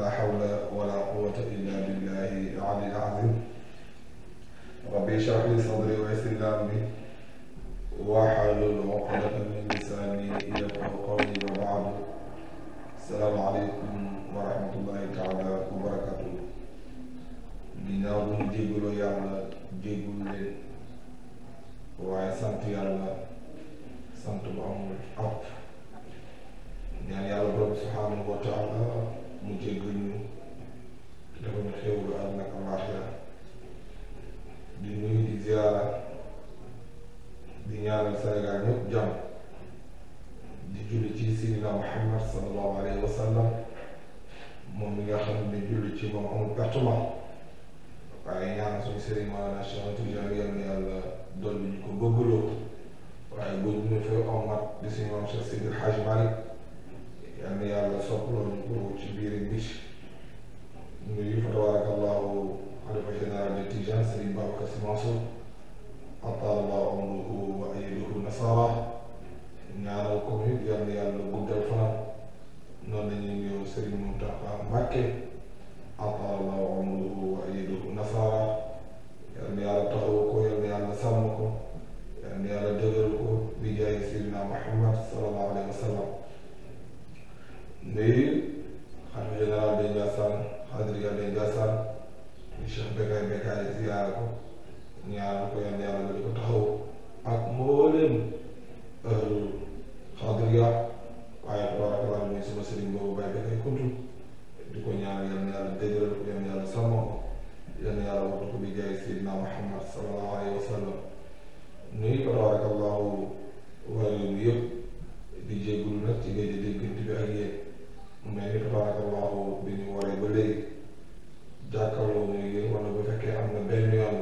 la hawla waaye tabaarkalla mooy sama sëriñ boobu bàyyi ba koy kuntu di ko ñaan yal na yàlla dëgëral ko yal na yàlla sàmmoo yal na yàlla waxtu ko bi jaay Seydina Muhammad sallallahu alayhi wa sallam nuyu tabaarakallahu waaye yëpp di jégalu nag ci géej gi déggante bi ak yéen mu mel ni tabaarakallahu bi ñu waree ba léegi jàkkaarloo muy yéen wala bu fekkee am na benn yoon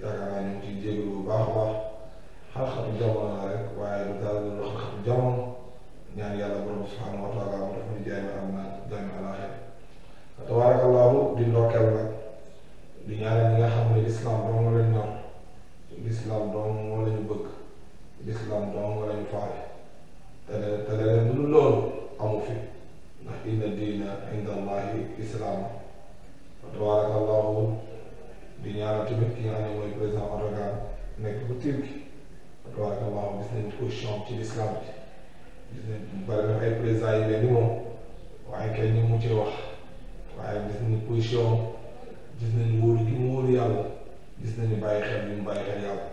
la yaakaar naa ñu ngi ciy jégalu bu baax a baax xar-xar jamono borom subhaanahu wa taala mu def ñu jaay am naa doomi alaaxira tabaarakallaahu di ndokkeel nag di ñaanal ñi nga xam ne lislaam doom moo leen ñor lislaam doom moo lañu bëgg lislaam doom moo lañu faale te te leneen lu loolu amu fi ndax inna diina inda allahi islaam tabaarakallaahu ki nga xam ne mooy président Erdogan nekk bu Turquie tabaarakallaahu gis nañu position ci lislaam bari na ay président yu mel ni moom waaye kenn ñu mu ci wax waaye gis nañu position gis nañu wóolu gi mu wóolu yàlla gis nañu bàyyi xel bi mu bàyyi xel yàlla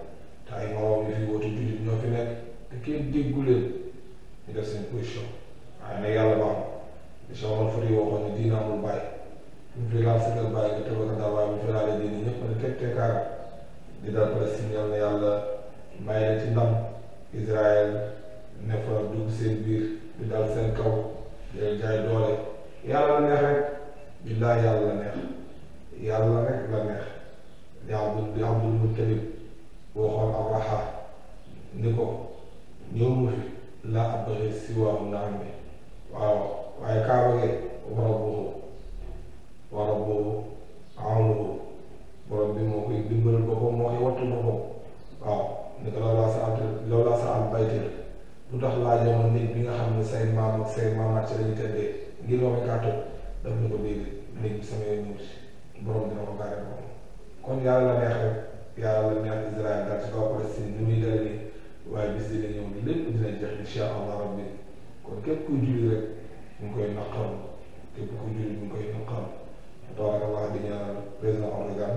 te ay moroom yu fi woote jullit ñoo fi nekk te kenn déggu leen ñu def seen position waaye nag yàlla baax na si waxoon fële yoo xam ne diina amul bàyyi ñu fi laal sëgal bàyyi nga tëbal nga waaye bu fi laalee diine ñëpp ne teg teekaara di dal Palestine yàlla yàlla may ci ndam ne fa dugg seen biir di dal seen kaw day jaay doole yàlla neex rek billaa yàlla neex yàlla rek la neex di abdul di abdul muttalib waxoon abraha ni ko ñëw mu fi la abdoxe siwaamu naam bi waaw waaye kaaba ge wara boobu wara boobu amuhu borom bi moo koy dimbal boppam moo koy wattu boppam waaw ni ko loolaa sa am loolaa sa am baytil lu tax laa demoon néeg bi nga xam ne say maam ak say maamaat ci lañu tëddee ngir wax kaa toog daf ñu ko dégg néeg bi sama yoon borom dina ko gaare moom kon yàlla la neex rek la neex Israël daal ci kaw Palestine ni muy dal nii waaye bis dina ñëw lépp dina jeex incha allah rabbi kon képp kuy julli rek ñu ngi koy naqaru képp kuy julli ñu ngi koy naqaru tabaraka allah di ñaanal président Erdogan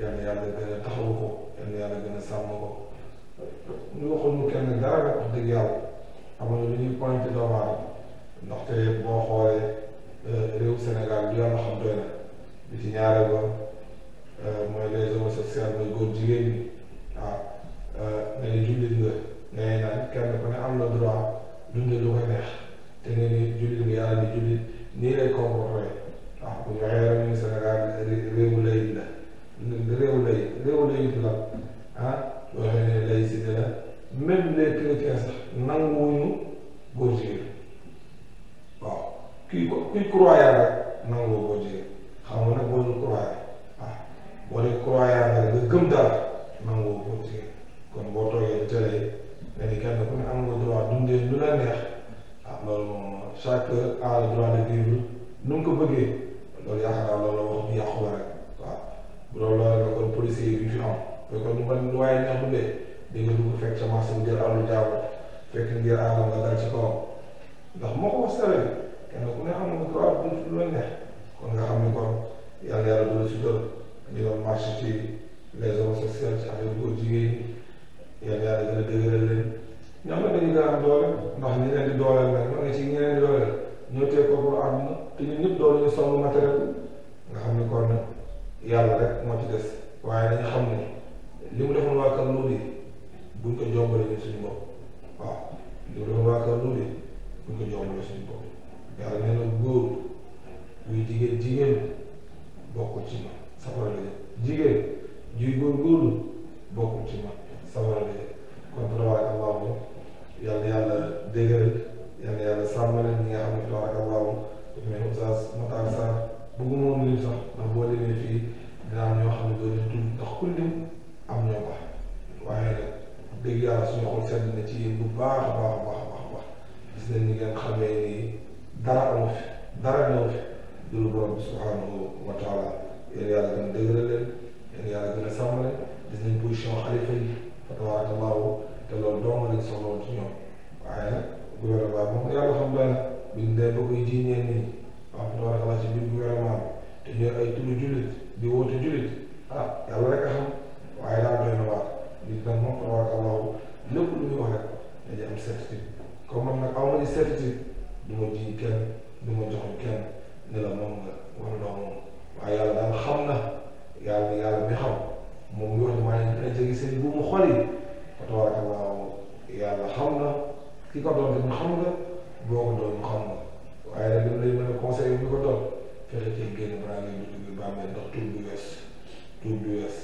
yal na yàlla gën a taxawu ko yal na yàlla gën a sàmm ko ñu waxoon ñu kenn dara wax dëgg yàlla xam nga lu ñuy pointé doomu aadama ndaxte boo xoolee réew Sénégal bi yàlla xam doy na bi ci ñaare ba mooy les homosexuels mooy góor jigéen ñi waaw nga ne jullit nga ngay naan kenn ku ne am na droit dund lu ko neex te nga ni jullit nga yàlla ni jullit nii lay comporté waaw bu ñu waxee rek ñu Sénégal bàyyi neex bu dee da fekk semence bi jël alalu jaabu fekk ngir aadama nga ci kawam ndax moo ko wasaare kenn nga xam ni kon yàlla yàlla doon si doon ñu doon marché ci les zones sociales ci affaire góor jigéen ñi yàlla yàlla gën a dëgëral am doole ndax ñi leen di am nga xam ni kon yàlla rek moo ci des waaye dañu xam ni li mu defoon waa Kër Nour yi buñ ko jombalee ñun suñu bopp waaw li mu defoon waa Kër Nour yi buñ ko jombalee suñu bopp yàlla nee na ñaanal dul borom bi subhanahu wa taala yéen yàlla gën a dëgëral leen yéen yàlla gën a sàmm leen gis nañ position xalifa yi fa tabarakallahu te loolu dong lañ soxla woon ci ñoom waaye nag gouvernement moom yàlla xam doy na biñ dee ba koy jiiñee nii wax fa tabarakallahu ci biir gouvernement bi te ñooy ay tudd jullit di woote jullit ah yàlla rek a xam waaye daal doy na waat nit nag moom tabarakallahu lépp lu muy wax rek dañuy am certitude comme man nag aw ma certitude du ma ji kenn du ma joxoon kenn ne moom nga wala doo moom waaye yàlla daal xam na yàlla yàlla mi xam moom mi wax maa ngi dina jege seen bu mu xol yi fa tabarakallah xam na ki ko doon dañu xam nga boo ko doon xam nga waaye nag dañ lay mën a conseillé bi ko doon fexe cee génn balaa ngay du du wees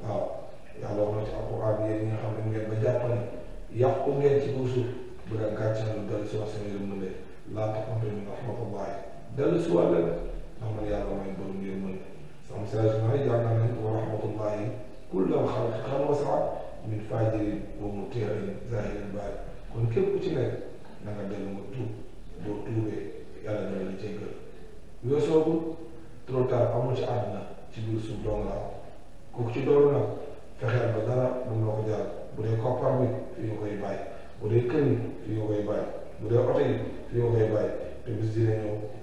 waaw ne ngeen ba ngeen ci kaw bu daan gàcce lu dal si wax seen yërmande laata ko mbéy mi nga xam ko bàyyi dellu si wàll la ndax man yàlla may borom ngeen mën sama message bi nag jàng nañ wa rahmatullahi kulla xalqan wasa min fajirin wa mutirin zahirin baari kon képp ku ci nekk na nga dellu nga tuub boo tuubee yàlla dana la jéggal weesoogu trop tard amul ci àdduna ci biir suuf dong la kooku ci doolu nag fexeel ba dara mu la jaar bu dee koppar bi fi nga koy bu dee kër yi fi nga bu dee oto yi fii nga koy bàyyi te bis dina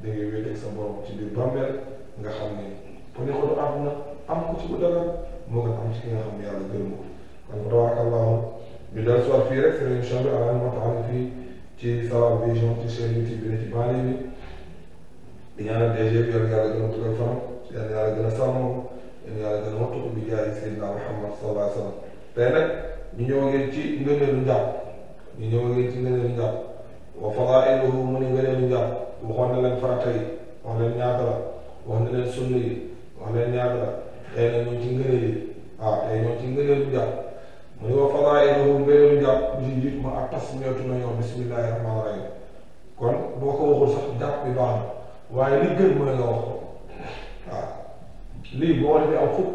ñëw sa borom ci biir bàmmeel nga xam ne bu ñu xool am na am ko ci bu dara moo gën am ci ki nga xam ne yàlla gërëm ko kon tabaarakallaahu ñu dal soit fii rek seen émission bi Alam Hawa fii ci ci chaîne YouTube bi ci bànnee bi di ñaanal DG bi yàlla yàlla gën a tuddal fan yàlla yàlla gën a sàmm yàlla yàlla gën a wattu ko bi jaay Seydina Muhammad sallallahu alayhi wa sallam tey nag ñu ñëw ngeen ci ngëneelu njàpp ñu ñëw ngeen ci ngëneelu njàpp wa fadaa'iluhu mu ni ngëneelu njàpp waxoon na leen farata yi wax leen ñaata la wax na leen sunna yi wax leen ñaata la tey nag ñoom ci ngëneel yi waaw tey ñoom ci ngëneelu njàpp mu ni wa fadaa'iluhu ngëneelu njàpp ji jiit ma ak tas meetu na yow bismillahi rahmaani rahim kon boo ko waxul sax jàpp bi baax na waaye li gën mooy nga wax ko waaw lii boo war a am fukk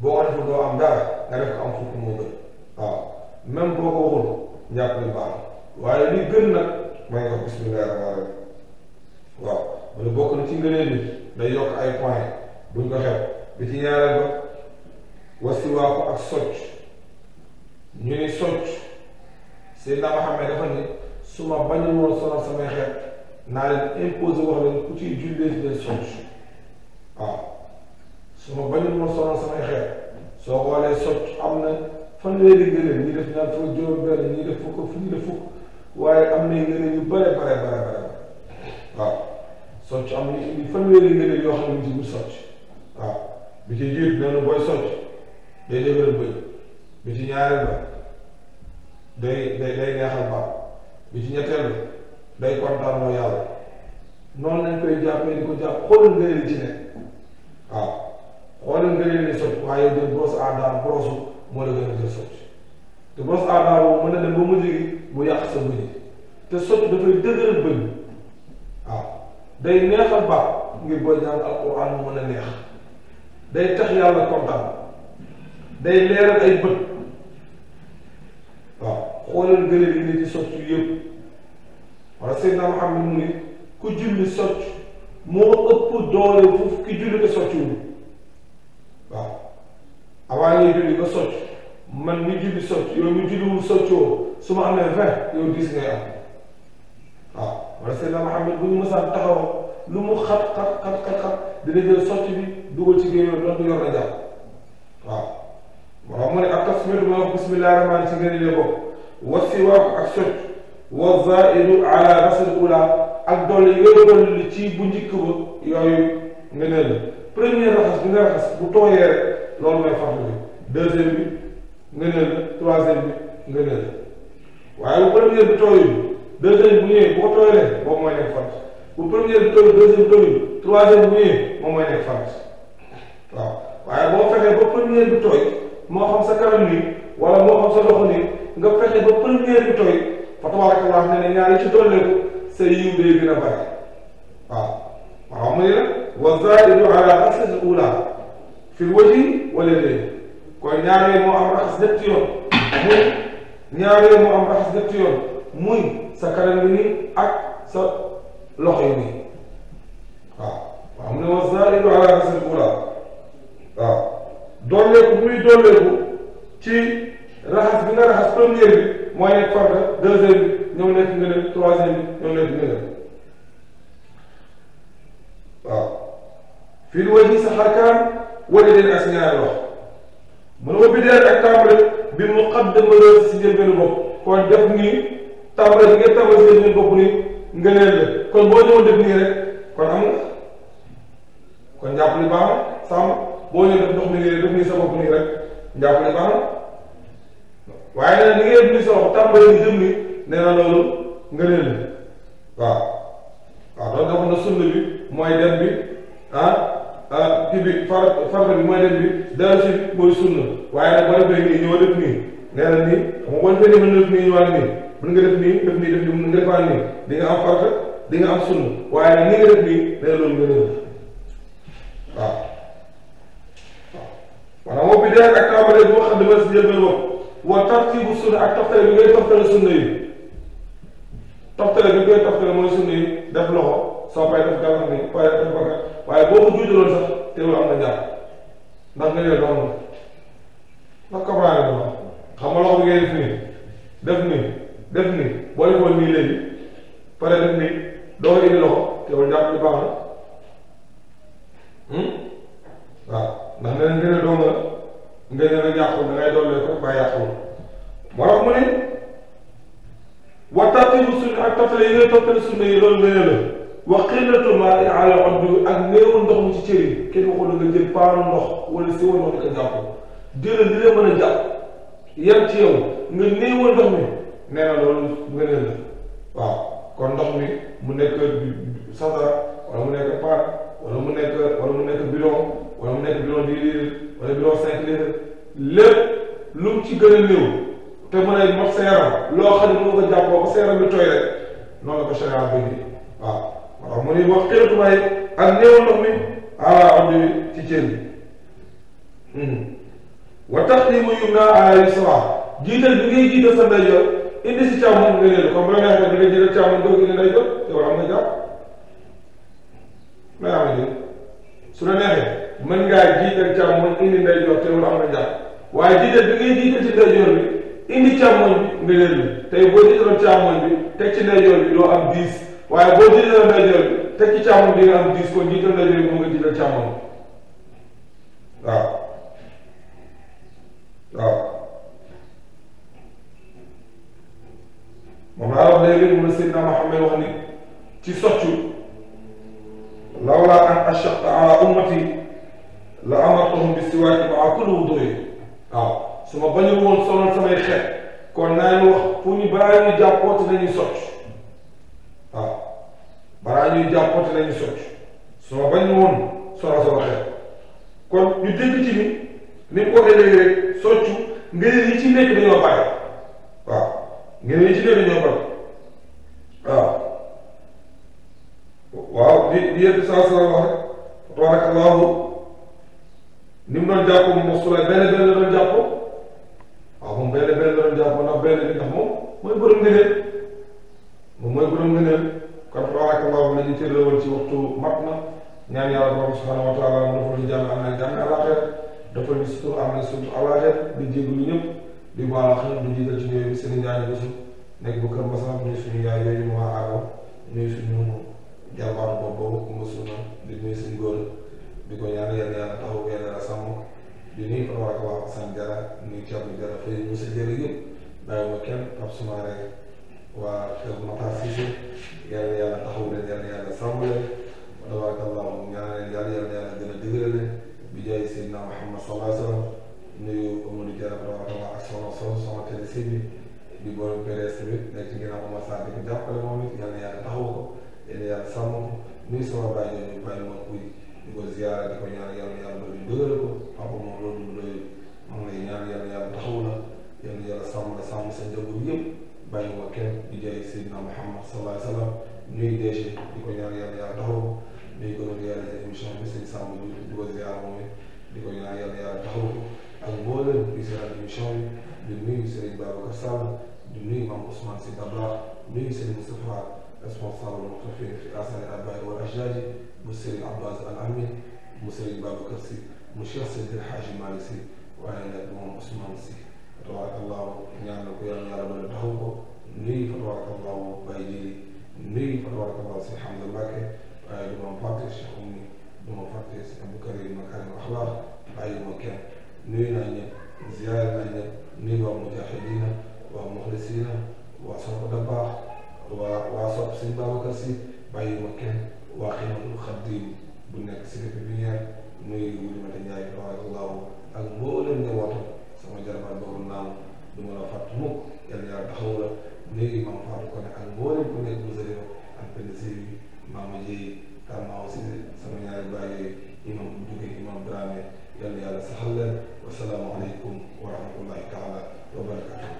boo war a def doo am dara nga def ko am fukk moo gën waaw même boo ko waxul njàpp bi baax na waaye li gën nag mooy nga bismillah rahmaan rahim waaw mu ne bokk na ci ngëneel bi yokk ay point buñ ko xeeb bi ci ñaareel ba wasiwaaku ak socc ñu ni socc Seydina Muhammad dafa ni su ma bañu woon sonal samay xeet naa leen imposé wax leen ku ciy jullee leen socc waaw su ma bañu woon sonal samay xeet soo xoolee fanweeri ngëneel ñi def naan foo juróom benn ñi def fukk ñi def waaye am na ngëneel yu bare bare bare bare waaw socc am na fanweeri ngëneel yoo xam ne ci biir socc waaw bi ci jiit nee na booy socc day dëgëral bëy day day day neexal bi ci ñetteel ba day kontaan loo yàlla noonu lañ koy jàppee di ko ne waaw xoolal ngëneel ni socc waaye moo la gën a jël socc te bos aadama mën na dem ba mujj gi mu yàq sa bëñ te socc dafay dëgëral bëñ waaw day neexal baax ngir booy jàng alquran mu mën neex day tax yàlla kontaan day leeral ay bët waaw xoolal gëlëm di socc yëpp wala Seydina Muhammad mu ne ku julli socc moo ëpp doole foofu ki julli te soccuwul avant ngay julli nga socc man mi julli socc yow mi julliwul soccoo su ma amee vingt yow ngay am waaw wala Seydina taxaw lu mu xat xat xat xat xat dina jël socc bi dugal ci géej loolu yor na jàpp waaw waaw mu ne ak tasmiir ma bismillahi rahmaani ci ngeen le bopp wa siwaak ak socc wa ala rasil ula ak doole yooyu doole ci bu njëkk ba yooyu nga ne la première raxas bi nga bu tooyee rek loolu mooy fadlu bi deuxième bi ngëneel la troisième bi ngëneel la waaye bu première bi tooyul deuxième bu ñëwee boo tooylee boobu mooy nekk fard bu bi tooyul deuxième tooyul troisième bu ñëwee moom mooy nekk fard waaw waaye boo fexee ba première bi tooy moo xam sa kanam wala moo xam sa loxo bi tooy fa tabaraka allah ne ne ñaari ci dolleeku sa yiw day gën a bari waaw waaw mu ne la wa zaadidu ala asasi ula fil wajhi wala dee kon ñaareel moo am raxas ñetti yoon muy ñaareel moo am raxas ñetti yoon muy sa kanam bi nii ak sa loxo yi nii waaw waaw mu ne wa zaaridu ala rasil ula waaw dooleeku muy dooleeku ci raxas bi nga raxas première bi mooy nekk farda deuxième bi ñëw nekk nga ne troisième bi ñëw nekk nga ne waaw fil wajhi sa xarkaan wala leen as ñaari lox mu ma biddeel ak tàmbali bi mu xam dama la si jëmbeenu kon def nii tàmbali bi nga tàmbali si jëmbeenu bopp ni nga kon boo ñëwoon def nii rek kon am nga kon jàpp ni baax na sàmm boo ñëw def ndox mi nga def nii sa bopp nii rek jàpp ni baax na waaye nag ni ngeen di soxla tàmbali ni jëm ni nee na loolu nga leen la waaw waaw loolu dafa na sunna bi mooy dem bi ah ah kii bi far farata bi mooy dem bi dara si mooy sunna waaye nag boo defee nii ñëw def nii nee na nii xam nga boo defee nii def nii ñëwaat nii mën nga def nii def nii def nii mën nga defaat nii di nga am na loolu nga def waaw waaw maanaam bi dee ak tàmbale boo xam ne dama si jël bopp wa tartiibu sunna ak toftale bi ngay toftale sunna yi toftale bi ngay toftale mooy sunna yi def loxo soo fay def gàllankoor yi pare waaye boo ko juutaloon sax teewul am na jàpp ndax nga jël doon ndax kabaare la xam nga loxo bi ngay def nii def nii def nii boo defoon nii léegi pare def nii doo ko indi loxo teewul jàpp na hmm? waaw ndax nee nañ gën nga gën a jàpp ko ba yàqul moo mu ne waxtaan bi bu suñu ak toppale yi ngay toppale suñu yi loolu wax xiilatu ma ala ak néewal ndox mu ci cër kenn waxul nga jël paanu ndox wala siwal ndox di ko jàpp déedéet di leen mën a jàpp yem ci yow nga néewal ndox mi nee loolu ngëneel la waaw kon ndox mi mu nekk satara wala mu nekk paan wala mu nekk wala mu nekk mu nekk bidon dix litres wala bidon cinq litres lépp lu ci gën a te mën a mox loo xam ne moo ko jàppoo ba sa rek noonu ko charia bi waaw waaw mu ne wax xeetu may ak néew ndox mi ala abdi ci cër bi hmm. wa taqdimu yumna a yusra jiital bi ngay jiital sa ndeyjoor indi si càmmoñ nga leen comme la neexee bi nga jiital càmmoñ doo indi ndeyjoor te war am na jàpp may am na su la neexee mën ngaa jiital càmmoñ indi ndeyjoor te war am na jàpp waaye jiital bi ngay jiital ci ndeyjoor bi indi càmmoñ bi nga leen tey boo jiitaloon càmmoñ bi teg ci ndeyjoor bi doo am diis waaye boo jiital ndeyjoor bi teg ci càmmoñ bi di nga am mu nga jiital càmmoñ waaw waaw moom laa wax léegi mu ne Seydina Muhammad wax ni ci soccu lawlaa an ashaqa ala ummati la amartuhum bi siwaaki ma'a kulli wudu'in waaw su ma bañu woon sonal samay xeet kon naa ñu wax fu ñu balaa ñu jàppooti nañuy soccu waaw ah. balaa ñuy jàppante lañu socc soo bañ woon sora sora xel kon ñu dégg ci ni ko déggee rek soccu ngeen yi ci nekk dañoo bari waaw ngeen yi ci nekk dañoo bari waaw waaw di di yéen saa sara wax rek tabarakallahu mu doon jàpp moom su la benn benn la doon jàpp waaw moom benn benn la doon jàpp ndax benn bi moom mooy borom ngëneel kon tabaarakallaahu nañu tërëwal ci waxtu mat na ñaan yàlla borom subhaanahu wa taala mu defal ñu jàmm am na jàmm àllaaxira defal ñu sutur am na sutur àllaaxira di jégalu ñëpp di baal xam du jiital ci nuyoo bi seen ñaan yi nekk bu kër Masar nuyu suñu yaay yooyu mu waa Awa nuyu suñu jàmbaar boobu mu suna di nuyu suñu góor di ko ñaan yàlla yàlla taxaw yàlla sàmm di nuyu tabaarakallaahu Assane Diarra nuyu Thierno Diarra fay mu sa jërë yëpp bàyyi ma kenn Pape Soumaré waa Cheikh Makhtar Cissé yàlla yàlla taxaw leen yàlla yàlla sàmm leen tabarakallah moom ñaan leen yàlla yàlla yàlla gën a dëgëral leen bi jaay Seydina Muhammad sallallahu alayhi wa sallam nuyu Amadou Diarra tabarakallah ak soxna soxna soxna Télé Seydi di borom PDS tamit nekk ci ginnaaw Omar Sarr di ko jàppale moom it yàlla yàlla taxaw ko yàlla yàlla sàmm ko nuyu sama bàyyi ñu bàyyi moom kuy di ko ziyaara di ko ñaan yàlla yàlla loolu dëgëral ko papa moom loolu mu doy moom lay ñaan yàlla yàlla taxaw la yàlla yàlla sàmm la sàmm sa njaboot yëpp bàyyi ma kenn di jaay Seydina Mouhamed sallallahu alayhi wa sallam nuyu DG di ko ñaan yàlla yàlla taxaw nuyu ko réaliser émission bi sëñ Samba Diouf di ko ziar moom di ko ñaan yàlla yàlla taxaw ak mboolem di ziar émission bi di nuyu Serigne Babacar Sall di nuyu Mame Ousmane Sy Dabakh nuyu Serigne Moustapha responsable muxtafin fi asani abaay wal ajdaadi mu Serigne Abbas Al Amin mu Serigne Babacar Sy mu Cheikh Seydil Hadji Malick Sy waaye nag moom Ousmane Sy tabarakallahu ñaan na ko yàlla yàlla mën a taxaw ko nuyu fa tabarakallahu Baye nuyu fa tabarakallahu si Hamza Mbacke du ma fàtte Cheikh Oumy du ma fàtte si Abdou Karim Makarim Akhlaq bàyyi ma kenn nuyu naa ñëpp ziyaar nuyu waa mujahidina waa muxlisina waa sopp da baax waa waa sopp si Babacar si ma kenn waa Xidmatul Xadim bu nekk si Pépinière nuyu Woulimata Ndiaye tabarakallahu ak mboolem njabootam ma jarabaat boobu naaw du ma la fàtte mukk yàlla yàlla taxaw la nuyu imam Fatou Koné ak mboolem ku nekk Moussaïra ak PDG bi maama Jéy Kama aussi sama ñaari bàyyi imam bu jógee imam Dramé yàlla yàlla saxal leen wa salaamu aleykum wa rahmatullahi taala wa barakatuh